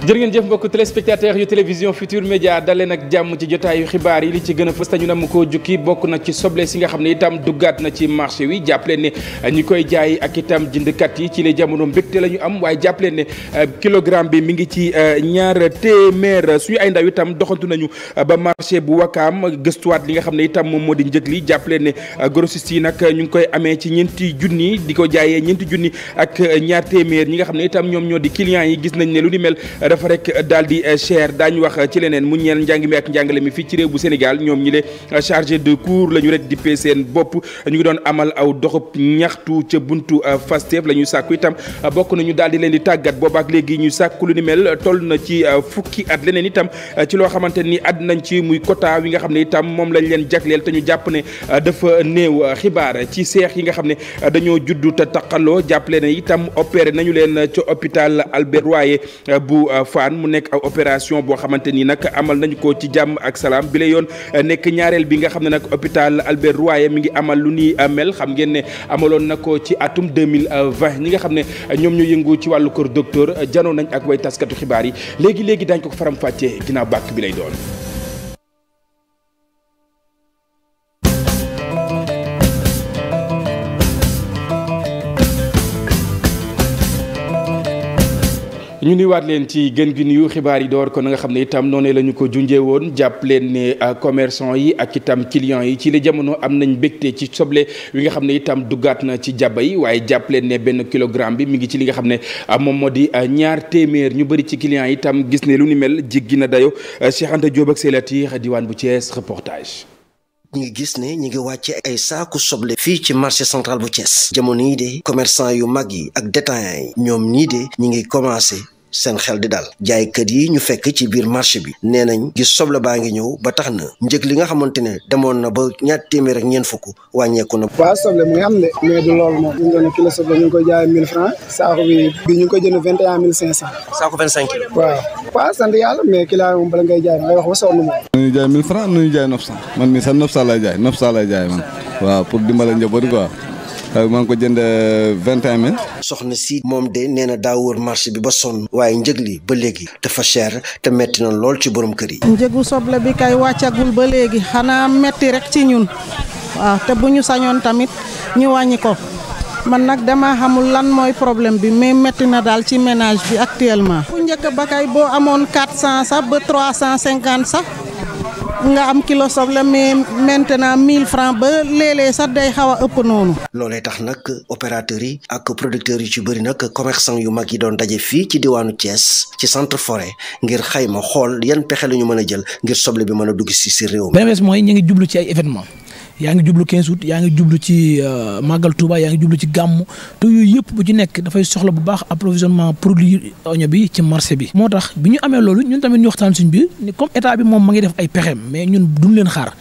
jërë ngeen jëf mbokk téléspectateurs yu télévision Futur Média daleen ak jàmm ci jotaayu xibaar yi li ci gën a fës te ñu nam koo jukki bokk na ci soble si nga xam ne itam duggaat na ci marché wi jàppaleen ne euh, ñi koy jaay ak itam jëndkat yi ci les jamono mbégte la ñu am waaye jàppaleen ne euh, kilogramme bi mi ngi ci euh, ñaar téeméer suñu ay ndaw itam doxantu nañu ba marché bu wakaam gëstuwaat li nga xam ne itam moom moo di njëg li jàppaleen ne grossiste yi nag ñu ngi koy amee ci ñeenti junni di ko jaayee ñeenti junni ak ñaar téeméer ñi nga xam ne itam ñoom ñoo di clients yi gis nañ ne lu ni mel dafa rek daal di euh, cher daañu wax euh, ci leneen mu ñeel njàng mi ak njàngale mi fii ci réew bu Sénégal ñoom ñi le euh, chargé de cours la ñu rek di seen bopp ñu ngi doon amal aw doxub ñaxtu ca buntu Fastef la ñuy sàkku itam bokk nañu daal di leen di tàggat ak léegi ñu sàkku lu ni mel toll na ci fukki at leneen itam ci loo xamante ni àdd nañ ci muy quota wi nga xam ne itam moom lañ leen jagleel te ñu jàpp ne dafa néew xibaar ci seex yi nga xam ne dañoo juddu te taqaloo jàpp leen itam opéré nañu leen ca hôpital Albert Fann mu nekk opération boo xamante nii nag amal nañu ko ci jàmm ak salaam bi la yoon eh, nekk ñaareel bi nga xam ne nag hôpital Albert Royer mi ngi amal lu ni eh, mel xam ngeen ne amaloon na ko ci atum 2020 ñi nga xam ne eh, ñoom ñu yëngu ci wàllu kër docteur janoo nañ ak way taskatu xibaar yi léegi léegi daañ ko faram fàccee ginnaaw bàkk bi lay doon ñu nuyuwaat leen ci gën gi nuyu xibaar yi door ko na nga xam ne itam noonu la ñu ko junjee woon jàpp leen ne euh, commerçant yi ak itam clients yi ci la jamono am nañ mbégte ci soble wi nga xam ne itam duggaat na ci jaba yi waaye jàpp leen ne benn kilogramme bi mi ngi ci li nga xam ne euh, moom moo di euh, ñaar téeméer ñu bëri ci clients yi itam gis ne lu ni mel jiggi na dayo Cheikh Anta Diop ak a diwaan bu Thiès reportage ñu ngi gis ni ñu ngi wàcce ay saaku soble fii ci marché central bu Thiès jamono yi de commerçant yu mag yi ak détaillants yi ñoom ñii de ñu ngi commencé seen xel di daal jaaykat yi ñu fekk ci biir marché bi nee nañ gis soble baa ngi ñëw ba tax na njëg li nga xamante ne demoon na ba ñaar téeméer ak ñeent fukk wàññeeku na. waaw soble mu ngi am de mais moom ñu koy jaayee 1000 francs saako bi bi ñu ngi koy saako 25 kilo. waaw waaw sant yàlla mais kilo yi moom bala ngay jaay ngay wax ba sonn moom. nu ñuy jaay 1000 nu ñuy jaay 900 man mii sax lay jaay 900 lay jaay man waaw pour dimbale njaboot quoi. Euh, maa ngi ko jënd euh, vingt et soxna si moom de nee na daa wër marché bi ba sonn. waaye njëg li ba léegi dafa cher te metti na lool ci borom kër yi. njëgu soble bi kay wàccagul ba léegi xanaa metti rek ci ñun waaw te bu ñu sañoon tamit ñu wàññi ko man nag dama xamul lan mooy problème bi mais metti na daal ci ménage bi actuellement. bu njëkk ba kay boo amoon quatre cent sax ba trois cent cinquante sax. nga am kilo soble mais maintenant mille francs ba léeg-léeg sax day xaw a ëpp noonu. loolee tax nag opérateurs yi ak producteurs yi ci bëri nag commerçant yu mag yi doon daje fii ci diwaanu cees ci centre forêt ngir xayma xool yan pexe la ñu mën a jël ngir soble bi mën a dugg si si réew mi. beneen bés mooy ñu ngi jublu ci ay événement yaa ngi jublu 15 août yaa ngi jublu ci euh, màggal Touba yaa ngi jublu ci gàmmu te yooyu yëpp bu ci nekk dafay soxla bu baax approvisionnement produit oño bi ci marché bi. moo tax bi ñu amee loolu ñun tamit ñu waxtaan suñ bi ni comme état bi moom ma ngi def ay pexeem mais ñun duñ leen xaar.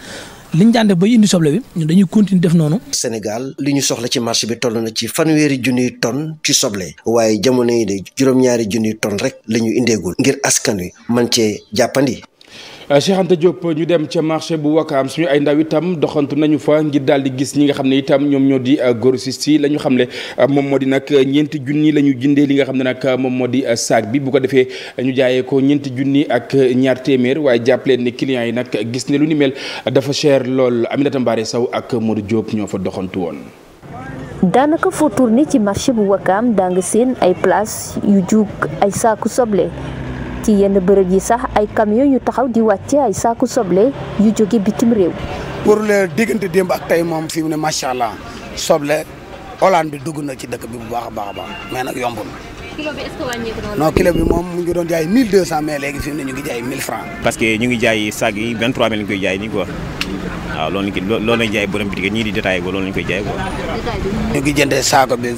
li ñu daan def ba indi soble bi ñun dañuy continuer def noonu. Sénégal li ñu soxla ci marché bi toll na ci fanweeri junniy tonnes ci soble. waaye jamono yi de juróom-ñaari junniy tonnes rek la ñu indeegul. ngir askan wi man cee jàppandi. Euh, Cheikh Anta Diop ñu dem ca marché bu Wakaam suñu ay ndaw itam doxantu nañu fa ngir daal di gis ñi nga xam ne itam ñoom ñoo di euh, grossiste yi la ñu xam ne euh, moom moo di nag ñeenti junni la ñu jëndee li nga xam ne nag moom moo di saak bi bu ko defee ñu jaayee ko ñeenti junni ak ñaar téeméer waaye jàpp leen ne clients yi nag gis ne lu ni mel dafa cher lool Aminata Mbaare saw ak Modou Diop ñoo fa doxantu woon. daanaka foo tourné ci marché bu Wakaam daa seen ay ci yenn bërëb yi sax ay camion yu taxaw di wàcce ay saaku soble yu jóge bitim réew. pour le diggante démb ak tey moom fi mu ne macha allah soble Hollande bi dugg na ci dëkk bi bu baax baax a baax mais nag yombul. kilo bi est ce noonu. kilo bi moom mu ngi doon jaay 1200 mais léegi fi mu ne ñu ngi jaay 1000 francs. parce que ñu ngi jaay saag yi 23000 ñu koy jaay nii quoi. waaw loolu lañ koy loolu lañ jaay borom bitig ñii di détaillé ko loolu lañ koy ñu ngi jëndee saako bi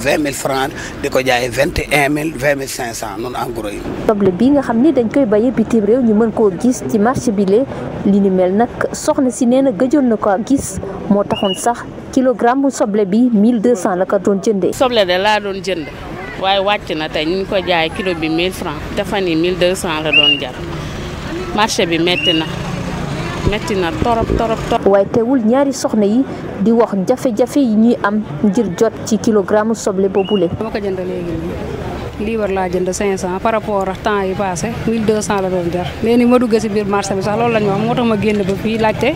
francs di ko jaay vingt et un mille vingt mille cinq cent noonu en bi nga xam ne dañ koy bayee bitim réew ñu mën koo gis ci marché bi lee li ni mel nag soxna si nee na gëjoon na ko gis moo taxoon sax kilo kilogramme soble bi 1200 la ko doon jëndee. soble de laa doon jënd waaye wàcc na tey ñu ngi ko jaay kilo bi 1000 francs dafa ni 1200 la doon jar marché bi metti na. metti na torop torop torop. waaye teewul ñaari soxna yi di wax jafe-jafe yi ñuy am ngir jot ci kilogramme soble boobule. dama ko jënd léegi lii war laa jënd 500 par rapport ak temps yi passé 1200 la doon jar mais ni ma duggee si biir marché bi sax loolu lañ wax moo tax ma génn ba fii laajte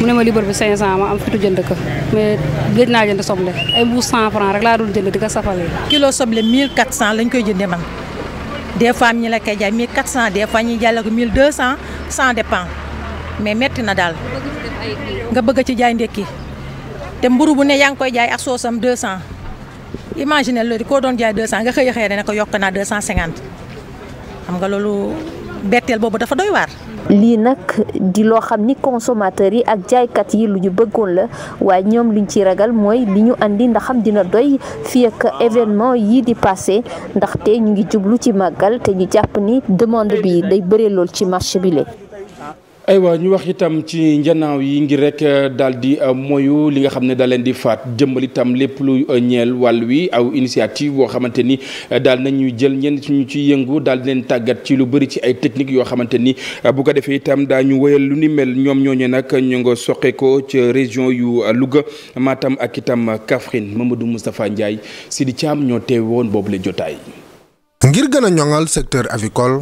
mu ne ma libre bi 500 ma am fitu jënd ko mais gëj naa jënd soble ay mbuus 100 francs rek laa doon jënd di ko safalee. kilo soble 1400 lañ koy jàll ko 1200 sans dépend. mais metti na daal nga bëgg ci jaay ndekki te mburu bu ne yaa ngi koy jaay ak soosam 200 imagine loolu koo doon jaay 200 nga xëy a xëy ne ko yokk naa 250 xam nga loolu betteel boobu dafa doy waar. lii nag di loo xam ni consommateur yi ak jaaykat yi lu ñu bëggoon la waaye ñoom liñ ci ragal mooy li ñu andi ndaxam dina doy fii ak événement yii di passé ndaxte ñu ngi jublu ci màggal te ñu jàpp ni demande bi day bëre loolu ci marché bi la. aywa ñu wax itam ci njanaaw yi ngir rek euh, daal di euh, moyu li nga xam ne da leen di faat jëmbal itam lépp lu euh, ñeel wàll wi aw initiative boo xamante ni daal nañuy jël ñenn suñu ci yëngu daal leen tàggat ci lu bëri ci ay technique yoo xamante ni bu ko defee itam daañu wëyal lu ni mel ñoom ñooñu nag ñu nga soqe ko ci région yu Louga maatam ak itam Kaffrine Mamadou Moustapha Ndiaye Sidi Thiam ñoo teewoon boobu la jotaay. ngir gën a ñoŋal secteur agricole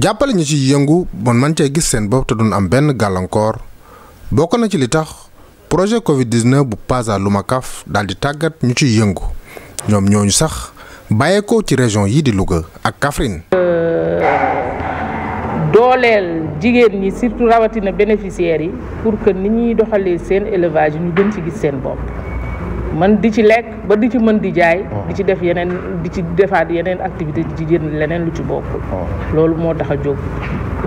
jàppale ñu ci yëngu bon man cee gis seen bopp te duñ am benn gàllankoor bokk na ci li tax projet Covid 19 bu PASA Lumacaf daal di tàggat ñu ciy yëngu ñoom ñooñu sax bàyyeekoo ci région yi di Louga ak Kaffrine. Euh, dooleel jigéen ñi surtout rawatina bénéficiaires yi pour que ni ñuy doxalee seen élevage ñu gën ci gis seen bopp. man di ci lekk ba di ci mën di jaay. Oh. di ci def yeneen di ci defaat yeneen activité di ci jënd leneen lu ci bokk oh. loolu moo tax a jóg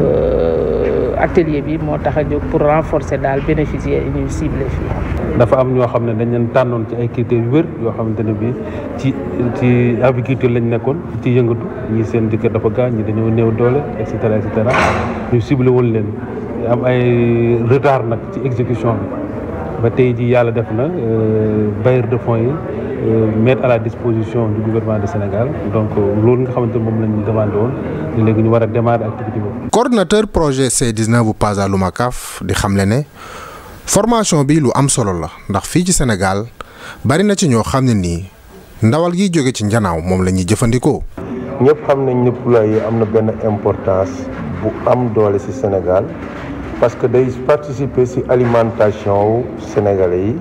euh, atelier bi moo tax a jóg pour renforcer daal bénéficiaires yi ñuy ciblé fii. dafa am ñoo xam ne dañ leen tànnoon ci ay critères yu wér yoo xamante ne bii ci ci agriculture lañ nekkoon ci yëngatu ñi seen jëkkër dafa gaañ ñi dañoo néew doole et cetera et cetera ñu ciblé woon leen am ay retard nag ci exécution bi. ba tey jii yàlla def na euh, bailleur de fonds yi euh, mettre à la disposition du gouvernement Sénégal donc loolu nga xamante moom la ñu demandé woon léegi ñu war a démarrer activité projet c bu PAZA Lumacaf di xamle ne formation bi lu am solo la ndax fii ci Sénégal bari na ci ñoo xam ne nii ndawal gi jóge ci njanaaw moom la ñuy jëfandikoo. ñëpp xam nañ ne poulailler am na benn importance bu am doole ci Sénégal. parce que day participer ci alimentation wu Sénégalais yi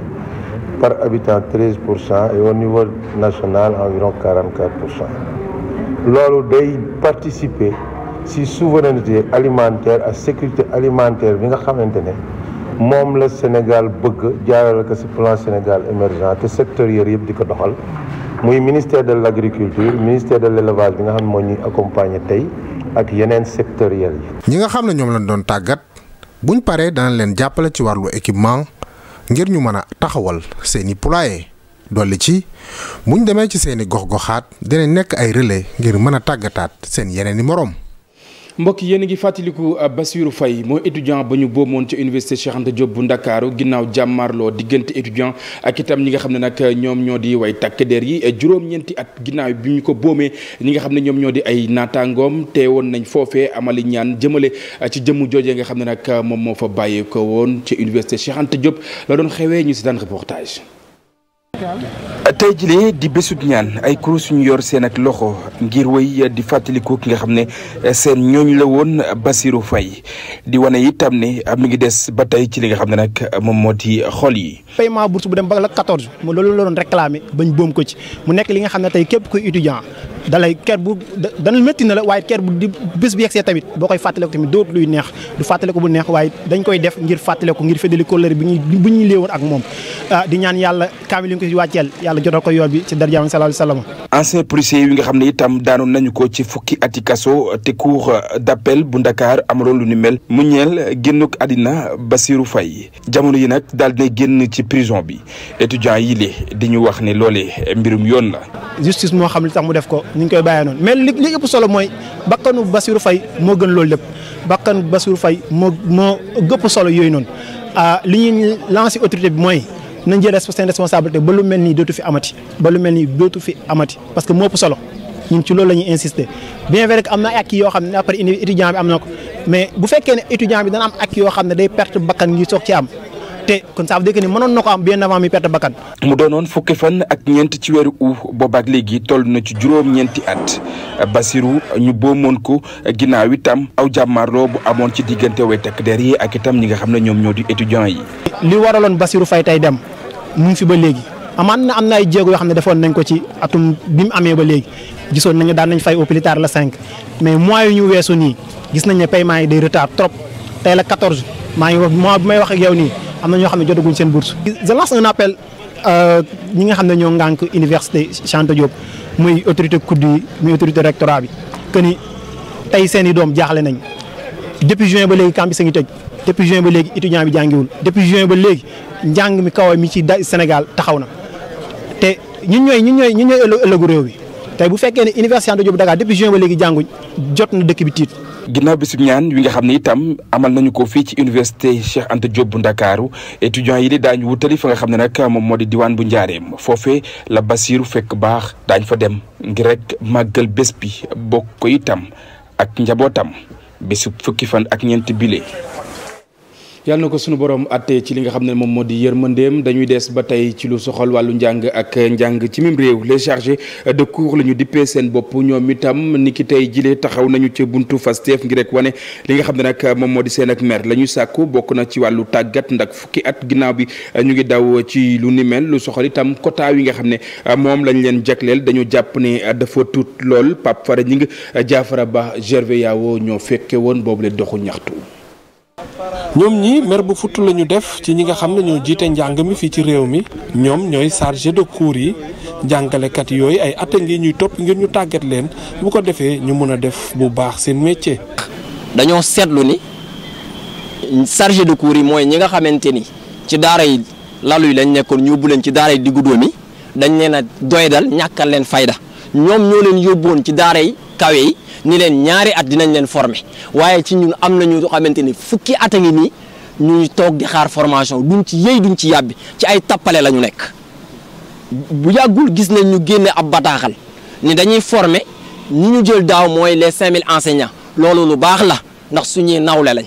par habitant treize pour cent et au niveau national environ quarante quatre pour cent loolu day participer ci souveraineté alimentaire ak sécurité alimentaire bi nga xamante ne moom la Sénégal bëgg jaarale ko ci plan Sénégal émergent te secteurs yëpp di ko doxal muy ministère de l' agriculture ministère de l' élevage bi nga xam ne moo ñuy accompagner tey ak yeneen secteurs yi. ñi nga xam ne ñoom lañ doon tàggat. bu buñ paree dana leen jàppale ci wàllu équipement ngir ñu mën a taxawal seeni poulailler dolli ci buñ demee ci seeni gox-goxaat dina nekk ay relais ngir mën a tàggataat seen yeneen i moroom. mbokk yéen a ngi fàttaliku euh, Bassirou fay mooy étudiant ba ñu boomoon ca université Cheikh Anta Diop bu Ndakaaru ginnaaw jàmmarloo diggante étudiant ak itam ñi nga xam ne nag euh, ñoom ñoo di way takk der yi euh, juróom-ñeenti at ginnaaw bi ñu ko boomee ñi nga xam ne ñoom ñoo di ay naataangoom woon nañ foofee amali ñaan jëmale ci jëmm joojee nga xam ne nag moom moo fa ko woon ci université Cheikh Anta la doon xewee ñu si daan reportage. tey jilee di bésub ñaan ay kuréel suñu yor seen ak loxo ngir wéy di fàttaliku ki nga xam ne seen ñooñu la woon Bassirou Faye di wane itam ne am mi ngi des ba tey ci li nga xam ne nag moom moo di xol yi. paiement bourse bu dem ba la 14 mu loolu la doon réclamé bañ boom ko ci mu nekk li nga xam ne tey képp kuy étudiant. dalay ker bu dana métti na la waaye ker bu di bés bi yegsee tamit boo koy fàttale ko tamit dootu luy neex du fàttale ko bu neex waaye dañ koy def ngir fàttale ko ngir feddali kóllëre bi ñuy bu ñuy léewoon ak moom ah, di ñaan yàlla kaamil yi ñu ko ci wàcceel yàlla jotal ko yool bi ci darjaam sallallahu alayhi wa sallam ancien policier yi nga xam ne itam daanoon nañu ko ci fukki ati kaso te cour d'appel bu Ndakaar amaloon lu ni mel mu ñeel ko àddina Bassirou Faye jamono yi nag daal dina génn ci prison bi étudiant yi li di ñu wax ne loolee mbirum yoon la justice moo xam li tax mu def ko ñu ngi koy bàyyee noonu mais li li ëpp solo mooy bakkanu Bassirou fay moo gën loolu lépp bakkanu Bassirou fay moo moo gëpp solo yooyu noonu ah li ñuy lancer autorité bi mooy nañ jël seen responsabilité ba lu mel nii dootu fi amati ba lu mel nii dootu fi amati parce que moo ëpp solo ñun ci loolu la ñuy insister bien vrai que am na ay acquis yoo xam ne après étudiant bi am na ko mais bu fekkee ne étudiant bi dana am acquis yoo xam ne day perte bakkan ngi soog ci am. te kon ça veut dire que mënoon na ko am bien avant mi perte bakkan. mu doonoon fukki fan ak ñeent ci weeru u boobaak léegi toll na ci juróom-ñeenti at Basirou ñu boomoon ko ginnaaw itam aw jàmmaarloo bu amoon ci diggante way takk der yi ak itam ñi nga xam ne ñoom ñoo di étudiants yi. li waraloon Basirou fay tey dem mu ngi fi ba léegi amaan na am na ay jéego yoo xam ne defoon nañ ko ci atum bi mu amee ba léegi gisoon nañu daan nañ fay au li tard la cinq mais mois yu ñu weesu nii gis nañ ne paiement yi day retard trop tey la quatorze maa ngi wax mois bi wax ak yow nii. xam na ñoo xam ne jotaguñ seen bourse je lance un appel euh, ñi nga xam ne ñoo ngànk université chante Anta Diop muy autorité COUD yi muy autorité rectorat bi que ni tey seen i doom jaaxle nañ depuis juin ba léegi campus a ngi tëj depuis juin ba léegi étudiant bi jàngiwul depuis juin ba léegi njàng mi kaw mi ci Sénégal taxaw na te ñu ñooy ñu ñooy ñun ñooy réew bi tey bu fekkee ne université Anta Diop Dakar depuis juin ba léegi jànguñ jot na dëkk bi tiit. ginnaaw bi ñaan wi nga xam ne itam amal nañu ko fii ci université Cheikh Anta Diop bu Ndakaaru étudiants yi di daañu wutali fa nga xam ne nag moom moo di diwaan bu Njaareem foofee la Basiiru fekk baax daañ fa dem ngir rek màggal bés bi bokk ko itam ak njabootam bésu fukki fan ak ñeent bile. yàlla na ko sunu borom àttee ci li nga xam ne moom moo di yërmandeem dañuy des ba tey ci lu soxal wàllu njàng ak njàng ci mim réew les chargés de cours la ñu dippee seen bopp ñoom itam ni ki tey jilee taxaw nañu ca buntu Pastef ngir rek wane li nga xam ne nag moom moo di seen ak mer la ñu sàkku bokk na ci wàllu tàggat ndax fukki at ginnaaw bi ñu ngi daw ci lu ni mel lu soxal itam quota yi nga xam ne moom lañ leen jagleel dañu jàpp ne dafa tuut lool Pape Fara ñi ngi jaafara ba Gervais Yao ñoo fekke woon boobu leen doxu ñaxtu ñoom ñi mer bu futt la ñu def ci ñi nga xam ne ñoo jiite njàng mi fii ci réew mi ñoom ñooy chargé de cours yi jàngalekat yooyu ay at a ngi ñuy topp ngir ñu tàggat leen bu ko defee ñu mën a def bu baax seen métier. dañoo seetlu ni chargé de cour yi mooy ñi nga xamante ni ci daara yi lalu yi lañ nekkoon ñu bu leen ci daara yi diggu dóomi dañ leen a doy dal ñàkkal leen fayda ñoom ñoo leen yóbboon ci daara yi kawe yi ni leen ñaari at dinañ leen former waaye ci ñun am na ñu xamante ni fukki at a ngi nii ñuy toog di xaar formation duñ ci yëy duñ ci yàbbi ci ay tappale la ñu nekk bu yàggul gis nañ ñu génne ab bataaxal ni dañuy former ñu ñu jël daaw mooy les 5000 enseignants loolu lu baax la ndax suñuy nawle lañ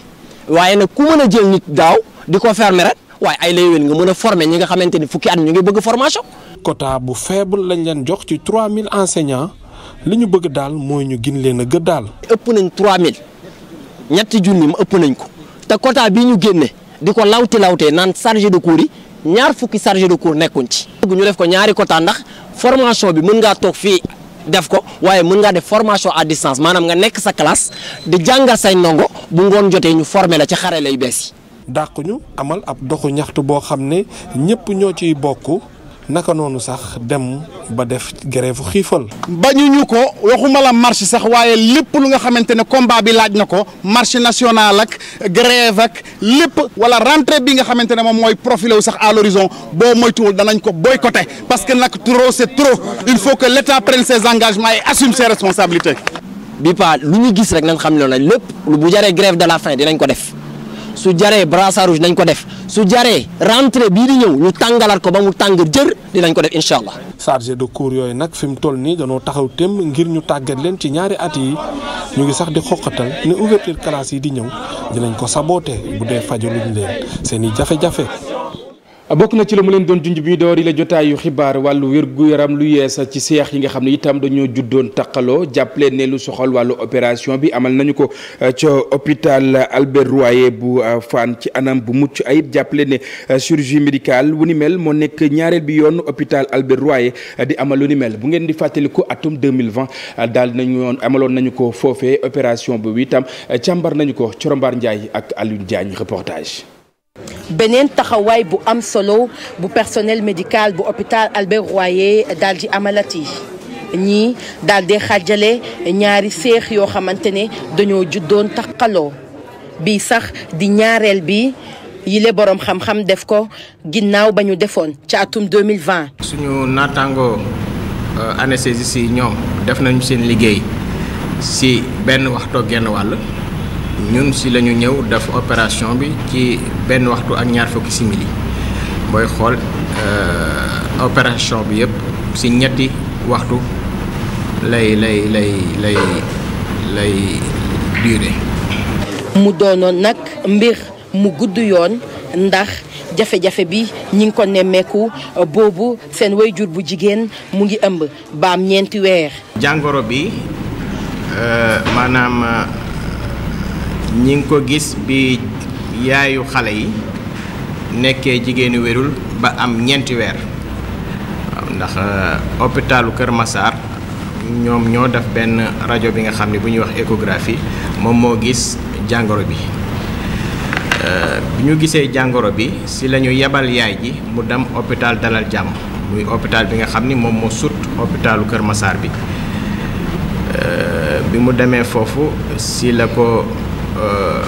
waaye nag ku mën a jël nit daaw di ko fermer rek waaye ay layowéen nga mën a former ñi nga xamante ni fukki at ñu ngi bëgg formation quota bu faible lañ leen jox ci 3000 enseignants li ñu bëgg daal mooy ñu gin leen a gëdd daal. ëpp nañ 3000 ñetti junni ëpp nañ ko te quota bi ñu génne di ko lawti lawtee naan chargé de cours yi ñaar fukki chargé de cours nekkuñ ci. ñu def ko ñaari quota ndax formation bi mën ngaa toog fii. def ko waaye mën ngaa def formation à distance maanaam nga nekk sa classe di jàngal say ndongo bu ngoon jotee ñu former la ci xare lay bees yi. dàq ñu amal ab doxu ñaxtu boo xam ne ñëpp ñoo ciy bokk. naka noonu sax dem ba def grève xiifal. bañuñu ko waxuma la marché sax waaye lépp lu nga xamante ne combat bi laaj na ko marché nationale ak grève ak lépp wala rentrée bi nga xamante ne moom mooy profiler wu sax à l'horizon boo moytuwul danañ ko boycotter parce que nag trop c'est trop il faut que l'État prenne ses engagements et assume ses responsabilités. bi pa lu ñu gis rek nañ xam ne lépp bu jaree grève de la faim dinañ ko def su jaree brassard rouge ko def. su jaree rentrée bii di ñëw ñu tàngalaat ko ba mu tàng jër dinañ ko def incha allah. chargé de cour yooyu nag fi mu toll nii danoo taxaw tem ngir ñu tàggat leen ci ñaari at yi ñu ngi sax di xoqatal ne ouverture classe yi di ñëw dinañ ko saboté bu dee fajaluñ leen seen i jafe-jafe. bokk na ci la mu leen doon junj bi ñu door yi la jotaayu xibaar wàllu wér-gu-yaram lu yeesa ci seex yi nga xam ne itam dañoo juddoon taqaloo jàppale ne lu soxal wàllu opération bi amal nañu ko euh, ca hôpital Albert bu euh, Fann ci anam bu mucc ayib jàppaleen ne euh, chirurgie médicale wu ni moo nekk ñaareel bi yoon hôpital Albert Royer di amal bu ngeen di fàttaliku atum 2020 daal nañu amaloon nañu ko foofee opération boobu itam càmbar nañu ko Corombaar Ndiaye ak Alioune Diagne reportage beneen taxawaay bu am solo bu personnel médical bu hôpital Albert Royer daldi di yi ñii daldi di ñaari seex yoo xamante ne dañoo juddoon taqaloo bi sax di ñaareel bi yile boroom xam-xam def ko ginnaaw ba ñu defoon ca atum 2020. suñu naataangoo euh, anesthésistes yi ñoom def nañu seen liggéey si benn waxtoo genn wàll. ñun si lañu ñëw def opération bi ci benn waxtu ak ñaar fukki simili booy xool euh, opération bi yëpp ci ñetti waxtu lay lay lay lay lay duré. mu doonoon nag mbir mu gudd yoon ndax jafe-jafe bi ñu ngi ko nemmeeku euh, boobu seen jur bu jigéen mu ngi ëmb baam ñeenti weer. jàngoro bi euh, maanaam. ñi ngi ko gis bi yaayu xale yi nekkee jigéenu wérul ba am ñeenti weer waaw ndax euh, hôpitalu Kër masaar ñoom ñoo def benn rajo bi nga xam ne bu ñuy wax échographie moom moo gis jàngoro bi euh, bi ñu gisee jàngoro bi si lañu yebal yaay ji mu dem hôpital Dalal Jàmm muy hôpital bi nga xam ni moom moo sut hôpitalu Kër Massar bi euh, bi mu demee foofu si la ko Euh,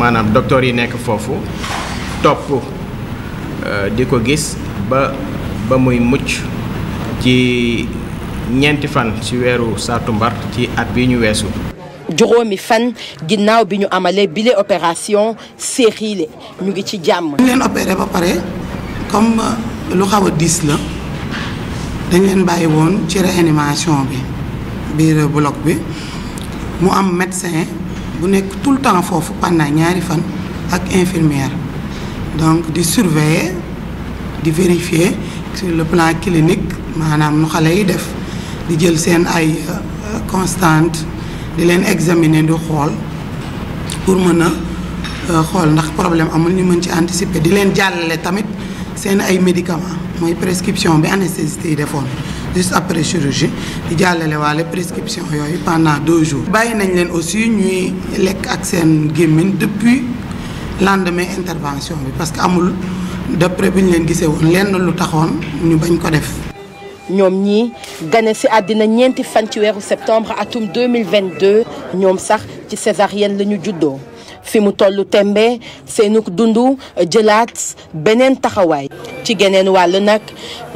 maanaam docteur yi nekk foofu topp euh, di ko gis ba ba muy mucc ci ñeenti fan ci weeru saatumbar ci at bi ñu weesu juróomi fan ginnaaw bi ñu amalee bile opération séexiile ñu ngi ci jàmm ñu leen opéré ba pare comme euh, lu xaw a diis la dañ leen bàyyi woon ci réanimation bi biir bloc bi mu am médecin bu nekk tout le temps foofu pendant ñaari fan ak infirmière donc di surveiller di vérifier sur le plan clinique maanaam nu xale yi def di jël seen ay euh, constante di leen examiner di xool pour mën a euh, xool ndax problème amul ñu mën ci anticiper di leen jàllale tamit seen ay médicament mooy prescription bi anesthésiste yi defoon juste après chirurgie di jàllale waale prescription yooyu pendant deux jours. bàyyi nañ leen aussi ñuy lekk ak seen gémmiñ depuis lendemain intervention bi parce que amul d'après bi ñu leen gisee woon lenn lu taxoon ñu bañ ko def. ñoom ñi gane si àddina ñeenti fan ci weeru septembre atum 2022 ñoom sax ci césarienne la lañu juddoo. fi mu tollu tembe seenuk dundu jëlaat beneen taxawaay ci geneen wàll nag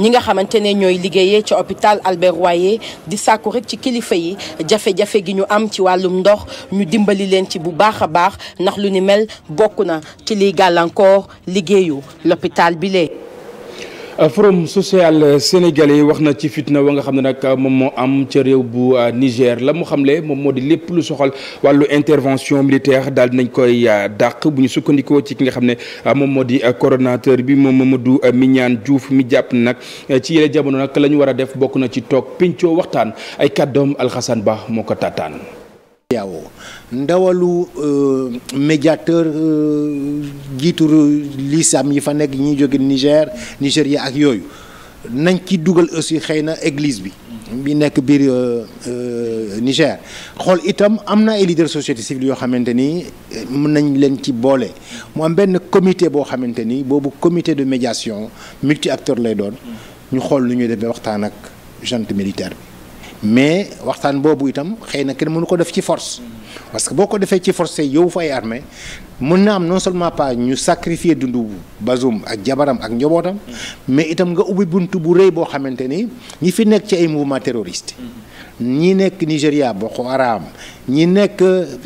ñi nga xamante ne ñooy liggéeyee ci hôpital Albert waaye di sàkku rek ci kilifa yi jafe-jafe gi ñu am ci wàllum ndox ñu dimbali leen ci bu baax a baax ndax lu ni mel bokk na ci liy gàllankoor liggéeyu l'hôpital bi Euh, forum social sénégalais wax na ci fitna wa nga xam ne nag moom moo am ca réew bu euh, Niger la mu xamle moom moo di lépp lu soxal wàllu intervention militaire daal dinañ koy euh, dàq bu ñu sukkandikoo ci ki nga xam ne moom moo di coordonnateur bi moom Mamadou Mignane Diouf mi jàpp nag ci yële jamono nag la ñu war a def bokk na ci toog pincoo waxtaan ay kàddoom alxasaan Ba moo ko tàttaan CEDEAO ndawalu euh, médiateur euh, jiitu lisam yi fa nekk ñi jóge Niger Nigeria ak yooyu nañ ci dugal aussi xëy na église bi bi nekk biir euh, Niger xool itam am na ay leaders société civile yoo xamante ni mën nañ leen ci boole mu am benn comité boo xamante ni boobu comité de médiation multi acteur lay doon ñu xool lu ñuy def ba waxtaan ak junte militaire mais waxtaan boobu itam xëy na kenn mënu ko def ci force. parce que boo ko defee ci force tey yow fa ay armée mën na am non seulement pas ñu sacrifier dundu Bazoum ak jabaram ak njobootam mais itam nga ubbi bunt bu rëy boo xamante ni ñi fi nekk ci ay mouvement terroriste. ñi nekk boo ko Haram ñi nekk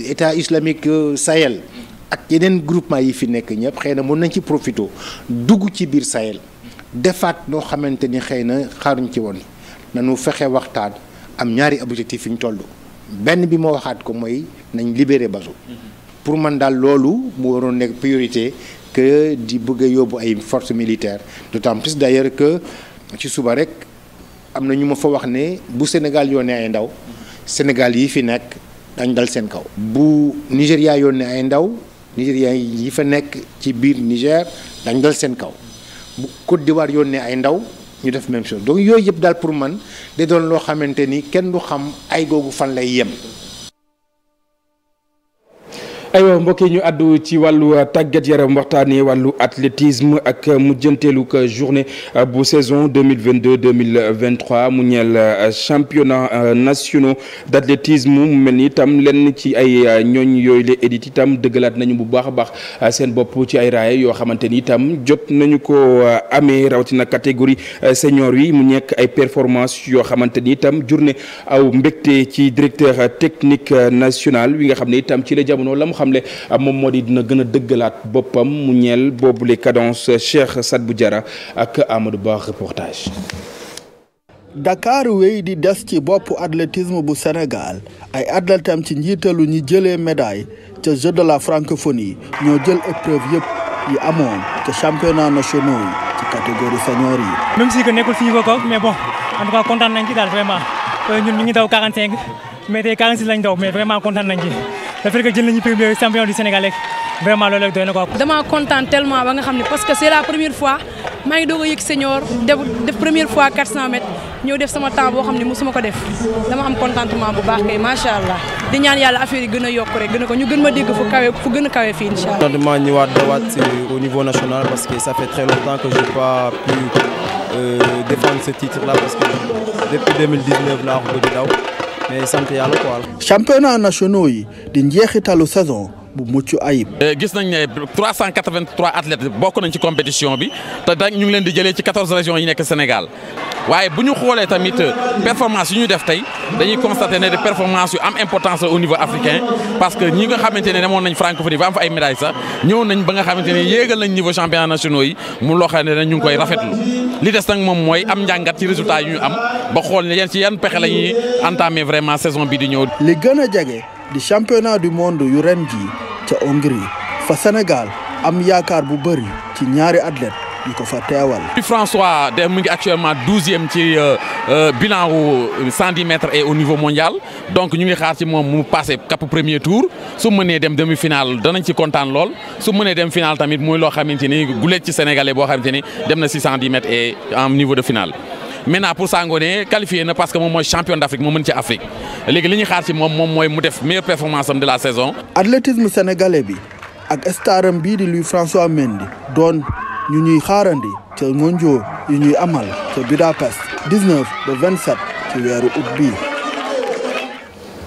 état islamique euh, Sahel. ak yeneen groupement yi fi nekk ñëpp xëy na mën nañ ci profité dugg ci biir Sahel. defaat noo xamante ni xëy na xaaruñ ci woon nañu fexe waxtaan. am ñaari objectif fi ñu toll benn bi ma waxaat ko mooy nañ libérer baso pour man daal loolu mu waroon nekk priorité que di bëgg a yóbbu ay force militaires d'autant plus d'ailleurs que ci suba rek am na ñu ma fa wax ne bu Sénégal ne ay ndaw Sénégal yi fi nekk dañ dal seen kaw bu Nigéria yoonee ay ndaw Nigéria yi fa nekk ci biir Niger dañ dal seen kaw bu Côte d'Ivoire yoonee ay ndaw ñu def même chose donc yooyu yëpp daal pour man da doon loo xamante ni kenn du xam ay googu fan lay yem aywa mbokk yi ñu àddu ci wàllu euh, tàggat yaram waxtaanee wàllu athlétisme ak mujjanteelu journée euh, bu saison 2022 2023 mu ñeel euh, championnat nationaux d' athlétisme mu mel ni itam lenn ci ay ñooñ yooyu la édite itam dëggalaat nañu bu baax a baax seen bopp ci ay raaya yoo xamante ni itam jot nañu ko amee rawatina catégorie senior yi mu nekk ay performance yoo xamante ni itam journée aw mbégte ci directeur technique national wi nga xam ne itam ci la jamono lam xamle moom moo di dina gën a dëggalaat boppam mu ñeel boobule cadence Cheikh Sadbou Diarra ak Amadou Ba reportage. Dakar wéy di des ci boppu athlétisme bu Sénégal ay athlètam ci njiitalu ñi jëlee médaille ca Jeux de la francophonie ñoo jël épreuve yëpp yi amoon ca championnat nationaux ci catégorie senior yi. même si que nekkul fii ko mais bon en tout nañ ci daal vraiment euh, ñun ñu ngi daw 45 mais tey 46 lañ daw mais vraiment kontaan nañ ci. le fait que jël nañu prix bi champion du Sénégal rek vraiment loolu rek doy na ko dama kontaan tellement ba xam ne parce a ko def dama macha allah di ñaan yàlla affaire yi gën a yokk rek gën a ko ñu gën ma dégg fu kawe fu gën a kawe fii incha allah. contentement ñëwaat dawaat au niveau national parce que ça fait très longtemps que j'ai pas pu euh, défendre ce titre là parce que depuis 2019 laa ko bëgg daw. mais sant yàlla quoi. championnat nationaux yi di njeexitalu saison. bu mucc ayib. Eh, gis nañ ne 383 bokk nañ ci compétition bi te dañ ñu ngi leen di jëlee ci 14 régions yi nekk Sénégal waaye bu ñu xoolee tamit euh, performance yu ñu def tey dañuy constater ne de performance yu am importance au niveau africain parce que ñi nga xamante ne demoon nañ francophonie ba am fa ay médailles sax ñëw nañ ba nga xamante ne yéegal nañ niveau championnat nationaux yi mu loo xam ne ñu ngi koy rafetlu li des nag moom mooy am njàngat ci résultat yu ñu am ba xool ne yan ci yan pexe la ñuy entamer vraiment saison bi di ñëw. li gën a jege di championnat du monde yu ren jii ca Hongrie fa Sénégal am yaakaar bu bëri ci ñaari athlètes. di ko fa teewal. François de mu ngi actuellement douzième ci euh, euh, bilan wu cent dix mètres au niveau mondial donc ñu ngi xaar ci moom mu passé cap premier tour su mënee dem demi final danañ ci kontaan lool su mënee dem final tamit muy loo xamante ni guleet ci sénégalais boo xamante ni dem na si cent dix mètres et en niveau de finale. maintenant pour Sangoné qualifié na parce que moom mooy champion d'Afrique moo mën ci Afrique léegi li moom moom mooy mu def meilleure performance de la saison. athlétisme sénégalais bi ak staram bii di Louis François Mendy doon. ñu ñuy xaarandi ca ngonjoo yu ñuy amal ca Budapest 19 ba 27 ci weeru ut bii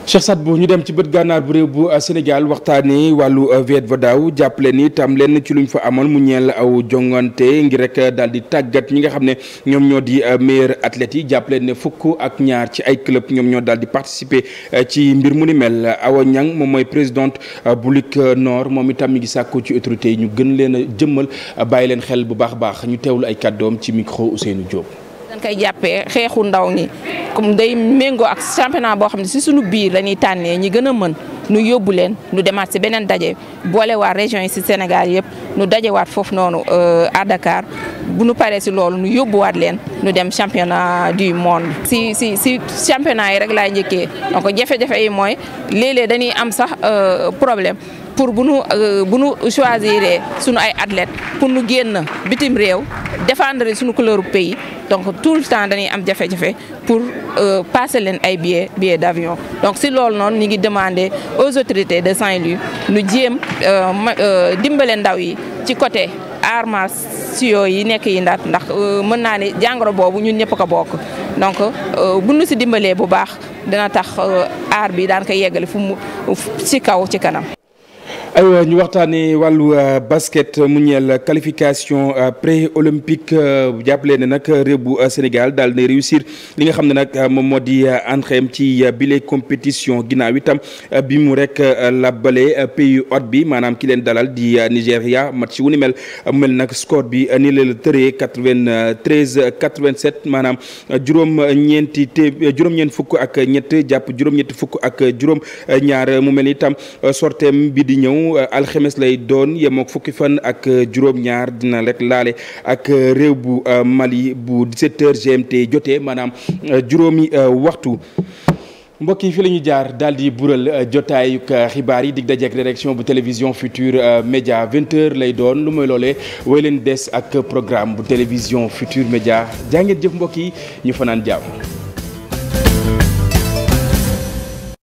Cheikh Sadbou ñu dem ci bët gànnaar bu réew bu euh, Sénégal waxtaanee wàllu Viet euh, va daaw jàppale ni itam lenn ci lu ñu fa amoon mu ñeel aw jongante ngir rek euh, daldi tàggat ñi nga xam ne ñoom ñoo di meilleurs athlètes yi jàppale ne fukk ak ñaar ci ay club ñoom ñoo daal di participer ci mbir mu ni mel Awa Niang moom mooy présidente bu Ligue Nord moom itam mi ngi sàkku ci autorité yi ñu gën leen a jëmmal bàyyi leen xel bu baax a baax ñu teewlu ay kàddoom ci micro Ousseynou Diop. kay jàppee xeexu ndaw ñi comme day méngoo ak championnat boo xam ne si suñu biir la ñuy tànnee ñi gën a mën nu yóbbu leen nu demaat si beneen daje boolewaat région yi si Sénégal yëpp nu dajewaat foofu noonu euh, à Dakar bu nu paree si loolu nu yóbbuwaat leen nu dem championnat du monde. si si si championnat yi rek laay njëkkee donc jafe-jafe yi mooy léeg-léeg dañuy am sax euh, problèmes pour bu nu euh, bu nu choisir suñu ay athlètes pour nu génn bitim réew défendre suñu couleur pays donc tout le temps dañuy am jafe-jafe pour euh, passer leen ay billets billets d'avion donc si loolu noonu ñu ngi demander aux autorités de Saint-Louis nu jéem euh, dimbale ndaw yi ci côté arts martiaux yi nekk yi ndaat ndax mën naa ne jàngoro boobu ñun ñëpp ko bokk donc bu nu si dimbalee bu baax dina tax aar bi daan ko yeggale fu mu ci kaw ci kanam aywa ñu waxtaanee wàllu euh, basket mu ñeel qualification euh, pré olympique euh, jàppale ne nag réew Sénégal daal di réussir li nga xam ne nag moom moo di entrée ci bile compétition ginnaaw itam bi mu rek labale pays hôte bi maanaam ki leen dalal di Nigéria match wu ni mel mu mel nag score bi ni leen tëree quatre-vingt-treize maanaam juróom-ñeenti té juróom-ñeent fukk ak ñett jàpp juróom-ñetti fukk ak juróom-ñaar mu mel ni itam sorteem bi di ñëw. askanu euh, alxemes lay doon yemook fukki fan ak euh, juróom-ñaar dina rek laale ak euh, réew bu Mali bu disecteur h GMT jotee maanaam juróomi waxtu. mbokk yi fi la ñu jaar daal di bural jotaayuk xibaar yi dig dajeek direction bu télévision Futur Média 20h lay doon lu mooy loolee way leen des ak programme bu télévision Futur Média jaa ngeen jëf mbokk yi ñu fanaan jàmm.